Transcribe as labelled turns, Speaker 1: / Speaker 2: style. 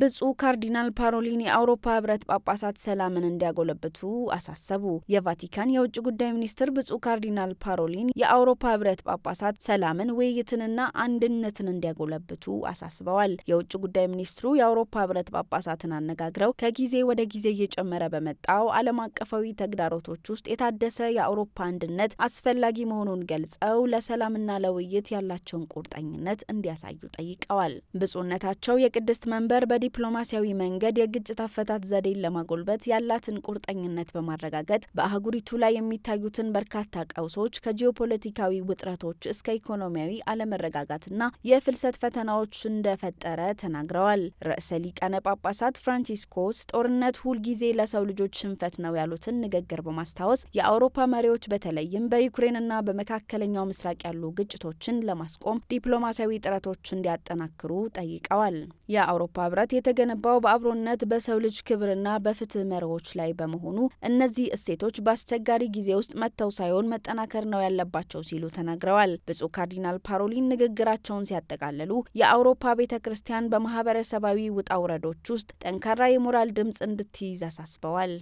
Speaker 1: ብፁዕ ካርዲናል ፓሮሊን የአውሮፓ ህብረት ጳጳሳት ሰላምን እንዲያጎለብቱ አሳሰቡ። የቫቲካን የውጭ ጉዳይ ሚኒስትር ብፁዕ ካርዲናል ፓሮሊን የአውሮፓ ህብረት ጳጳሳት ሰላምን፣ ውይይትንና አንድነትን እንዲያጎለብቱ አሳስበዋል። የውጭ ጉዳይ ሚኒስትሩ የአውሮፓ ህብረት ጳጳሳትን አነጋግረው ከጊዜ ወደ ጊዜ እየጨመረ በመጣው ዓለም አቀፋዊ ተግዳሮቶች ውስጥ የታደሰ የአውሮፓ አንድነት አስፈላጊ መሆኑን ገልጸው ለሰላምና ለውይይት ያላቸውን ቁርጠኝነት እንዲያሳዩ ጠይቀዋል። ብፁዕነታቸው የቅድስት መንበር በዲፕሎማሲያዊ መንገድ የግጭት አፈታት ዘዴን ለማጎልበት ያላትን ቁርጠኝነት በማረጋገጥ በአህጉሪቱ ላይ የሚታዩትን በርካታ ቀውሶች ከጂኦፖለቲካዊ ውጥረቶች እስከ ኢኮኖሚያዊ አለመረጋጋትና የፍልሰት ፈተናዎች እንደፈጠረ ተናግረዋል። ርዕሰ ሊቃነ ጳጳሳት ፍራንቺስኮስ ጦርነት ሁልጊዜ ለሰው ልጆች ሽንፈት ነው ያሉትን ንግግር በማስታወስ የአውሮፓ መሪዎች በተለይም በዩክሬንና በመካከለኛው ምስራቅ ያሉ ግጭቶችን ለማስቆም ዲፕሎማሲያዊ ጥረቶች እንዲያጠናክሩ ጠይቀዋል። የአውሮፓ ህብረት የተገነባው በአብሮነት በሰው ልጅ ክብርና በፍትህ መርሆች ላይ በመሆኑ እነዚህ እሴቶች በአስቸጋሪ ጊዜ ውስጥ መጥተው ሳይሆን መጠናከር ነው ያለባቸው ሲሉ ተናግረዋል። ብፁዕ ካርዲናል ፓሮሊን ንግግራቸውን ሲያጠቃልሉ የአውሮፓ ቤተ ክርስቲያን በማህበረሰባዊ ውጣ ውረዶች ውስጥ ጠንካራ የሞራል ድምፅ እንድትይዝ አሳስበዋል።